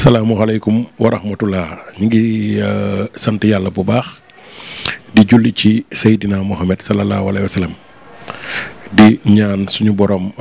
salaamualeykum wa rahmatullah ñu ngi euh, sant yàlla bu baax di julli ci Seydina Mohamed sallallahu alayhi wa sallam di ñaan suñu borom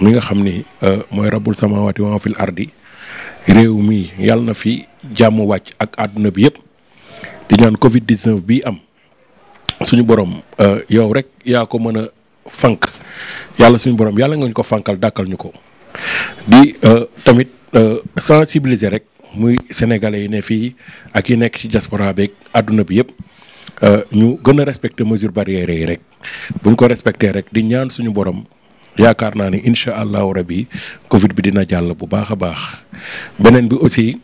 mi nga xam ni euh, mooy rabbul samawati wa fil ardi réew mi yàlla na fi jàmm wàcc ak àdduna bi yëpp di ñaan Covid 19 bii am suñu borom euh, yow rek yaa ko mën a fànq yàlla suñu borom yàlla nga ñu ko fànqal dàkkal ñu ko di tamit. Euh, sensibiliser rek muy sénégalais yi ne fii ak yi nekk ci diaspora beeg àdduna bi yëpp euh, ñu gën a respecter mesures barrières yi rek buñ ko respecter rek di ñaan suñu borom yaakaar naa ni incha allahu rabi Covid bi dina jàll bu baax a baax beneen bi aussi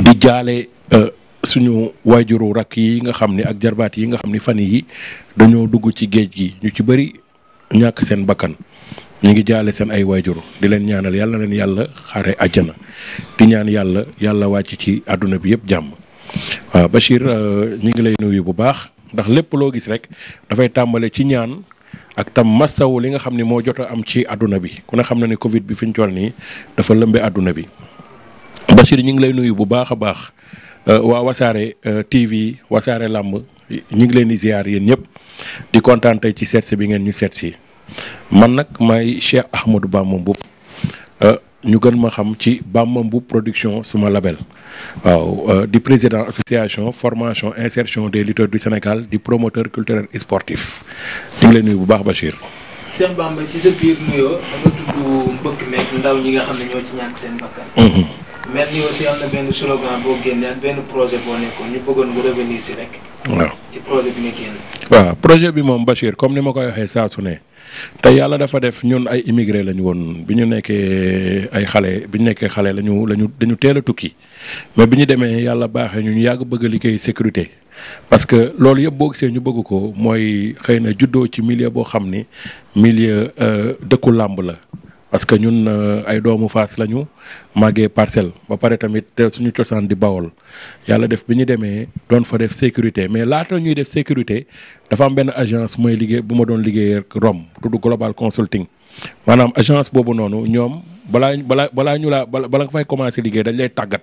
di jaale euh, suñu waajuru rakk yi nga xam ni ak jarbaat yi nga xam ni fan yi dañoo dugg ci géej gi ñu ci bëri ñàkk seen bakkan. ñu ngi jaale seen ay waajur di leen ñaanal yàlla leen yàlla xare àjjana di ñaan yàlla yàlla wàcc ci àdduna bi yëpp jàmm waaw Bachir euh, ñu ngi lay nuyu bu baax ndax lépp loo gis rek dafay tàmbale ci ñaan ak tam masaw li nga xam ni moo jot am ci àdduna bi ku ne xam na ne Covid bi fi ñu toll nii dafa lëmbe àdduna bi Bachir ñu ngi lay nuyu bu baax a baax euh, waa wasaare euh, TV wasaare làmb ñu ngi leen di ziar yéen ñëpp di kontaan tey ci seetsi bi ngeen ñu seet si man nag maay Cheikh Ahmadou Bamba Mboup euh, ñu gën ma xam ci Bamba bu production suma label waaw euh, di président association formation insertion des lutteurs du Sénégal di promoteur culturel et sportif di ngi leen nuyu bu baax Bachir. Cheikh Bamba ci sa biir nuyoo da nga mbëkk meeg ndaw ñi nga xam ne ñoo ci ñàkk seen bakkan. Mhm. mel ni projet boo ñu bëggoon nga waaw projet bi moom Bachir comme ni ma koy waxee saa su ne te yàlla dafa def ñun ay immigré lañu woon bi ñu nekkee ay xale bi ñu nekkee xale lañu lañu dañu teel a tukki mais bi ñu demee yàlla baaxee ñu ñu yàgg bëgg a liggéey sécurité. parce que loolu yëpp boo gisee ñu bëgg ko mooy xëy na juddoo ci millier boo xam ni milieu euh, dëkku làmb la parce que ñun euh, ay doomu Fass lañu maggee parcelle ba pare tamit suñu cosaan di Bawol yàlla def bi ñu demee doon fa def sécurité mais laata ñuy def sécurité dafa am benn agence mooy liggéey bu ma doon liggéeyee ak Rome tudd Global Consulting maanaam agence boobu noonu ñoom balaa balaa balaa ñu laa bala nga fay commencé liggéey dañ lay tàggat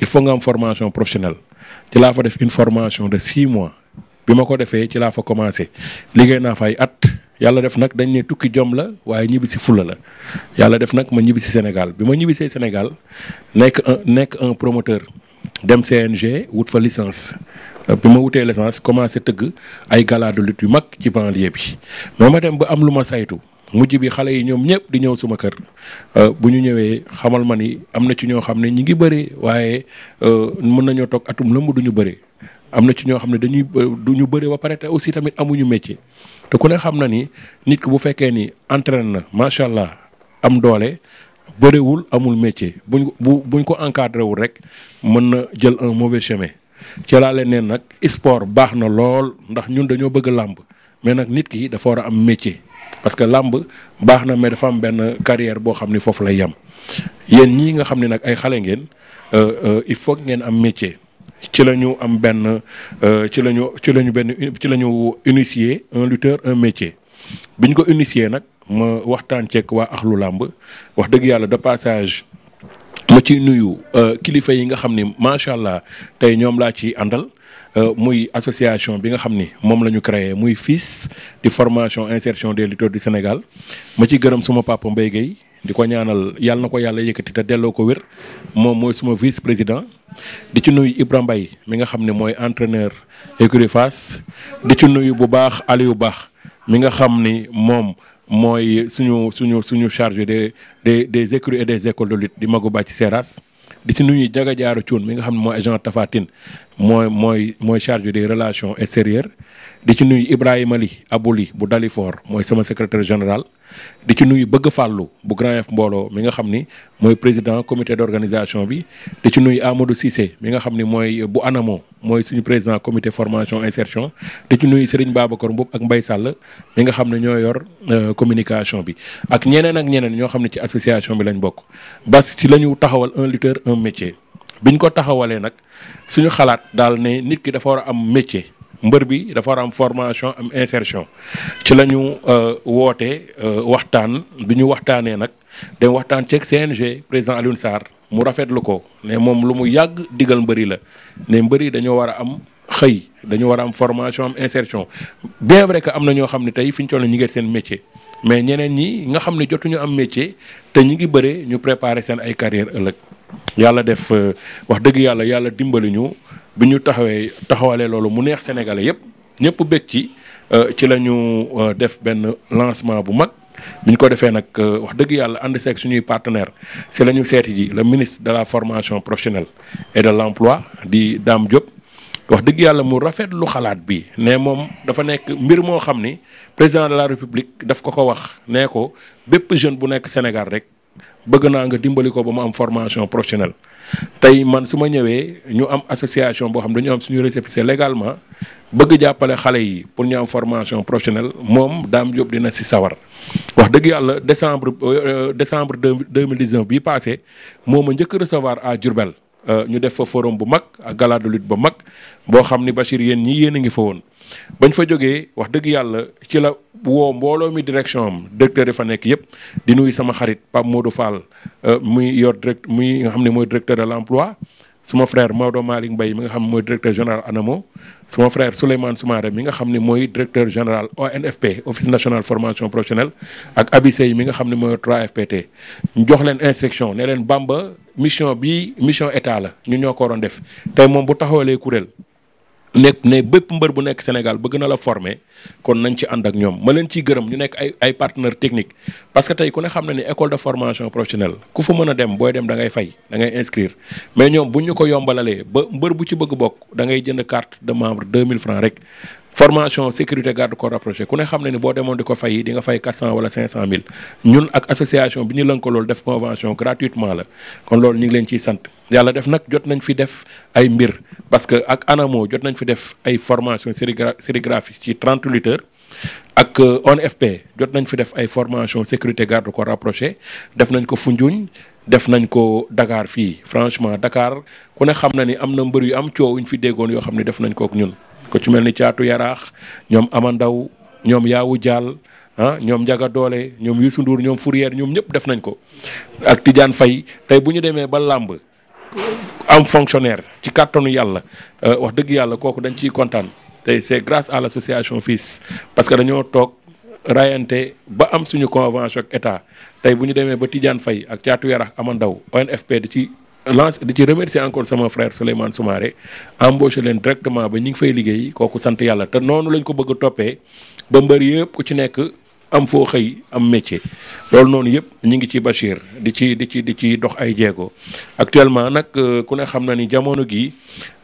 il faut nga formation professionnelle ci laa fa def une formation de six mois bi ma ko defee ci laa fa commencé liggéey naa yàlla def nag dañ ne tukki jom la waaye ñibbisi fula la yàlla def nag ma ñibbi si Sénégal bi ma ñibbisee senegal nekk un nekk un promoteur dem CNG wut fa licence euh, bi ma wutee licence commencé tëgg ay gala de yu mag ci banlieue bi mais ma dem ba am lu ma saytu mujj bi xale yi ñoom ñëpp di ñëw suma kër euh, bu ñu ñëwee xamal ma ni am na ci ñoo xam ne ñu ngi bëri waaye euh, mën nañoo toog atum lëmb du ñu bëri am na ci ñoo xam ne dañuy du ñu bëri ba pare te aussi tamit amuñu métier. te ku ne xam na ni nit ki bu fekkee ni entraine na macha allah am doole bëriwul amul métier buñ bu buñ ko encadré wul rek mën na jël un mauvais chemin ci leen neen nag sport baax na lool ndax ñun dañoo bëgg làmb mais nag nit ki dafa war a am métier parce que làmb baax na mais dafa am benn carrière boo xam ni foofu lay yem yéen ñi nga xam ne nag ay xale ngeen euh, euh, il faut ngeen am métier. ci la ñu am benn euh, ci la ñu ci la ñu benn ci la ñu initier un lutteur un métier biñ ko initier nag ma waxtaan ceeg waa axlu làmb wax dëgg yàlla de passage ma ci nuyu euh, kilifa yi nga xam ni macha allah tey ñoom laa ci àndal. Euh, muy association bi nga xam ni moom la ñu créé muy FILS di formation insertion des lutteurs du Sénégal ma ci gërëm suma papa Mbaye Guèye di ko ñaanal yàlla na ko yàlla yëkkati te delloo ko wér moom mooy suma vice président di ci nuyu Ibra Mbaye mi nga xam ne mooy entraîneur écurie Fass di ci nuyu bu baax Aliou Baax mi nga xam ni moom mooy suñu suñu suñu chargé des des des écuries des écoles de lutte di Magu Bàcc Seras di ci nuyu Jaga Jaaru Cuun mi nga xam ne mooy agent Tafatine mooy mooy mooy chargé des relations extérieures di ci nuyu Ibrahima Li Abouli bu Dalifor mooy sama secretaire général. di ci nuyu bëgg fàllu bu Grand Yoff mbooloo mi nga xam ni mooy président comité d'organisation bi di ci nuyu Amadou Cissé mi nga xam ni mooy bu ANAMO mooy suñu président comité formation insertion di ci nuyu Serigne Babacar Mboup ak mbay sàll mi nga xam ne ñoo yor euh, communication bi ak ñeneen ak ñeneen ñoo xam ne ci association bi lañ bokk bas ci la ñu taxawal un lutteur un métier biñ ko taxawalee nag suñu xalaat daal ne nit ki dafa war a am métier mbër bi dafa war am formation am insertion ci la ñu euh, wootee euh, waxtaan bi ñu waxtaanee nag dem waxtaan ceeg CNG président Alioune Sarr mu rafetlu ko ne moom lu mu yàgg digal mbëri la ne mbëri dañoo war a am xëy dañu war am formation am insertion bien vrai que am na ñoo xam ne tey fi ñu toll ñu ngi seen métier mais ñeneen ñi nga xam ne jotuñu am métier te ñu ngi bëre ñu préparer seen ay carrière ëllëg yàlla def euh, wax dëgg yàlla yàlla dimbali ñu bi ñu taxawee taxawalee loolu mu neex sénégalais yëpp ñëpp bëgg ci euh, ci la ñu euh, def benn lancement bu mag bi ñu ko defee nag wax dëgg yàlla ànd seeg suñuy partenaire si la ñu seeti ji le ministre de la formation professionnelle et de l'emploi di daam Diop wax dëgg yàlla mu rafet lu xalaat bi ne moom dafa nekk mbir moo xam ni président de la république daf ko ko wax nee ko bépp jeune bu nekk Sénégal rek bëgg naa nga dimbali ko ba mu am formation professionnelle tey man su ma ñëwee ñu am association boo xam dañu am suñu récépissé légalement bëgg jàppale xale yi pour ñu am formation professionnelle moom Dame Diop na si sawar wax dëgg yàlla décembre euh, euh, décembre deux mille dix-neuf bii passé moo njëkk recevoir à Diourbel Euh, ñu def fa forum bu mag a gala de ba mag boo xam ni Bachir yéen ñi yéen a ngi fa woon bañ fa jógee wax dëgg yàlla ci la woo mbooloo mi direction am directeur yi fa nekk yëpp di nuy sama xarit Pape Modou Fall euh, muy yor direct muy nga xam ne mooy directeur de l'emploi suma frère Maodo Malick mbay mi nga xam ne mooy directeur général ANAMO suma frère Souleymane Soumaré mi nga xam ni mooy directeur général ONFP office national formation professionnelle ak Abi mi nga xam ne mooy 3FPT ñu jox leen instruction ne leen Bamba mission bi mission état la ñu ñoo ko waroon def tey moom bu taxawalee kuréel nekk ne bépp mbër bu nekk Sénégal bëgg na la former kon nañ ci ànd ak ñoom ma leen ciy gërëm ñu nekk ay ay partenaire technique parce que tey ku ne xam na ni école de formation professionnelle ku fa mën a dem booy dem da ngay fay da ngay mais ñoom bu ñu ko yombalalee ba mbër bu ci bëgg bokk da ngay jënd carte de membre 2000 francs rek formation sécurité garde corps rapproché ku ne xam ne ni boo demoon di ko fay di nga fay 400 wala 500 mille ñun ak association bi ñu lënkalool def convention gratuitement la kon loolu ñu ngi leen ciy sant yàlla def nag jot nañ fi def ay mbir parce que ak ANAMO jot nañ fi def ay formation sérigra sérigraphie ci 30 lutteurs ak euh, ONFP jot nañ fi def ay formation sécurité garde corps rapproché def nañ ko fu Foundiougne def nañ ko dakaar fii franchement Dakar ku ne xam na ni am na mbër yu am coow yu ñu fi déggoon yoo xam ne def nañ ko ñun. ko ci mel ni caatu yaraax ñoom ama amandaw ñoom yaawu jaal ah ñoom njaga doole ñoom Youssou Ndour ñoom Fourier ñoom ñëpp def nañ ko ak tiijaan Faye tey bu ñu demee ba làmb am fonctionnaire ci kàttanu yàlla euh, wax dëgg yàlla kooku dañ ciy kontaan tey c'est grâce à l'association FILS parce que dañoo toog rayante ba am suñu convention ak état tey bu ñu demee ba Tidiane Faye ak caatu yarax amandaw ONFP di ci lance di ci remercier encore sama frère Souleymane Soumaré embauché leen directement ba ñi ngi fay liggéey kooku sant yàlla te noonu lañ ko bëgg a toppee ba mbër yëpp ku ci nekk am foo xëy am métier loolu noonu yëpp ñu ngi ci Bachir di ci di ci di ci dox ay jéego actuellement nag euh, ku ne xam na ni jamono gi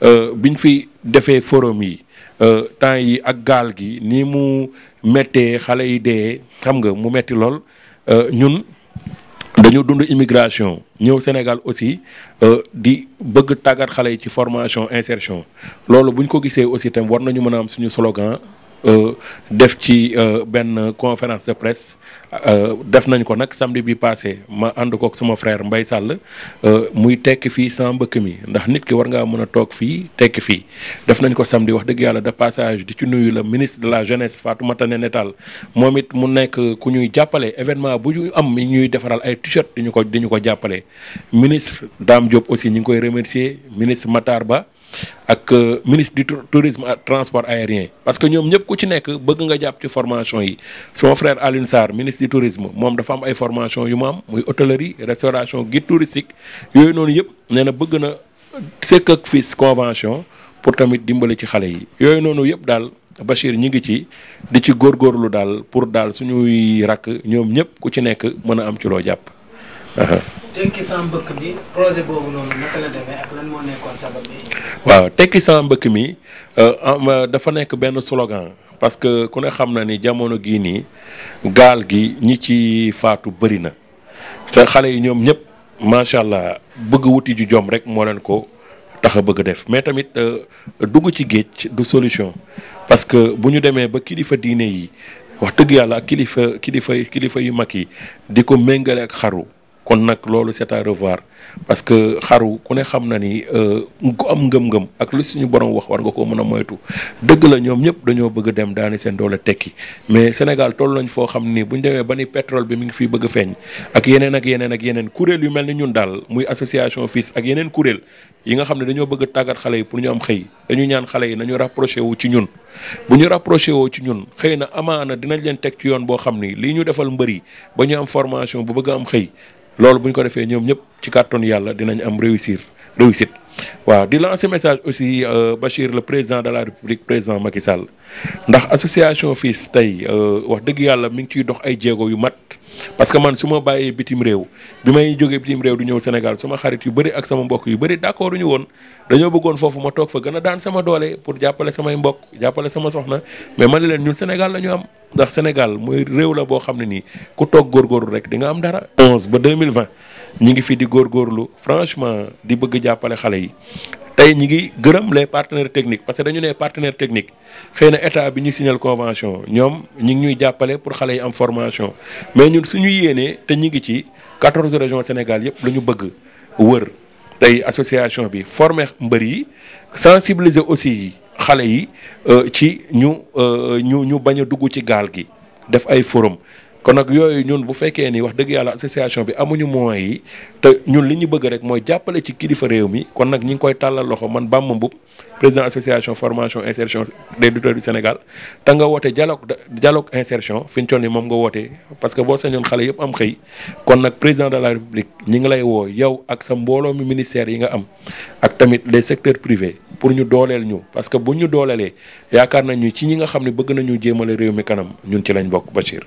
euh, biñ fi defee forum yi euh, temps yi ak gaal gi ni mu méttee xale yi dee xam nga mu metti lool ñun. dañu dund immigration ñëw Sénégal aussi euh, di bëgg tàggat xale yi ci formation insertion loolu bu ñu ko gisee aussi tam war nañu mën a am suñu slogan Euh, def ci euh, benn conférence de presse euh, def nañ ko nag samedi bi passé ma ànd kook sama frère Mbaye Sall muy tekki fii sans mbëkk mi ndax nit ki war ngaa mën a toog fii tekki fii def nañ ko samedi wax dëgg yàlla de passage di ci nuyu la ministre de la jeunesse Fatoumata Néné Tall moom it mu nekk ku ñuy jàppale événement bu ñu am ñuy defaral ay t-shirt di ñu ko di ko jàppale ministre daam Diop aussi ñu ngi koy remercier ministre Matar Ba ak euh, ministre du tourisme transport aérien parce que ñoom ñëpp ku ci nekk bëgg nga jàpp ci formation yi sama frère Alioune Sarr ministre du tourisme moom dafa am ay formation yu mu muy hôtellerie restauration guide touristique yooyu noonu yëpp nee na bëgg na sekk ak fis convention pour tamit dimbali ci xale yi yooyu noonu yëpp daal Bachir ñi ngi ci di ci góor góorlu daal pour daal suñuy rakk ñoom ñëpp ku ci nekk mën a am ci loo jàpp tekki sa mbëkk tekki sa mbëkk mi euh, euh, dafa nekk benn slogan parce que ku ne xam na ni jamono gii nii gaal gi ñi ci faatu bëri na te xale yi ñoom ñëpp macha allah bëgg wuti ju jom rek moo leen ko tax a bëgg def mais tamit euh, dugg ci géej du solution parce que bu ñu demee ba kilifa diine yi wax dëgg yàlla ak kilifa kilifa kilifa yu mag yi di ko méngale ak xaru. kon nag loolu c'est à revoir parce que xaru ku ne xam na ni euh, ku am ngëm-ngëm ak lu suñu borom wax war nga ko mën a moytu dëgg la ñoom ñëpp dañoo bëgg dem daani seen doole tekki mais Sénégal toll nañ foo xam ni bu ñu demee ba ni pétrole bi mu ngi fii bëgg a feeñ ak yeneen ak yeneen ak yeneen kuréel yu mel ni ñun daal muy association FILS ak yeneen kuréel yi nga xam ne dañoo bëgg a tàggat xale yi pour ñu am xëy dañu ñaan xale yi nañu rapproché wu ci ñun bu ñu rapproché woo ci ñun xëy na amaana dinañ leen teg ci yoon boo xam ni lii ñu defal mbër yi ba ñu am bu bëgg am xëy loolu bu ñu ko defee ñoom ñëpp ci kàttanu yàlla dinañ am réussir réussit waaw di lancer message aussi euh, Bachir le président de la République président Macky Sall ndax association FILS tey euh, wax dëgg yàlla mi ngi ciy dox ay jéego yu mat. parce que man su ma bàyyee bitim réew bi may jógee bitim réew du ñëw Sénégal suma xarit yu bëri ak sama mbokk yu bari bëri d'accord ñu woon dañoo bëggoon foofu ma toog fa gën a daan sama doole pour jàppale samay mbokk jàppale sama soxna mais man leen ñun Sénégal lañu am ndax Sénégal mooy réew la boo xam ne nii ku toog góorgóorlu rek di nga am dara. 11 ba 2020 ñu ngi fi di góorgóorlu franchement di bëgg jàppale xale yi tey ñi ngi gërëm les partenaires techniques parce que dañu ne partenaire technique xëy na état bi ñu signal convention ñoom ñu ngi ñuy jàppale pour xale yi am formation mais ñun suñu yéenee te ñi ngi ci 14 région Sénégal yëpp la bëgg wër tey association bi forme mbër yi sensibiliser aussi xale yi euh, ci ñu euh, ñu ñu bañ a dugg ci gaal gi def ay forum kon nag yooyu ñun bu fekkee ni wax dëgg yàlla association bi amuñu moyens yi te ñun li ñu bëgg rek mooy jàppale ci kilifa réew mi kon nag ñi ngi koy tàllal loxo man Bamba Mboup président association formation insertion des lutteurs du Sénégal te nga woote dialogue dialogue insertion fi ñu ni moom nga wootee parce que boo sañoon xale yëpp am xëy kon nag président de la république ñi ngi lay woo yow ak sa mbooloo mi ministère yi nga am ak tamit les secteurs privés pour ñu dooleel ñu parce que bu ñu doolelee yaakaar nañu ci ñi nga xam ne bëgg nañu jéemale réew mi kanam ñun ci lañ bokk Bachir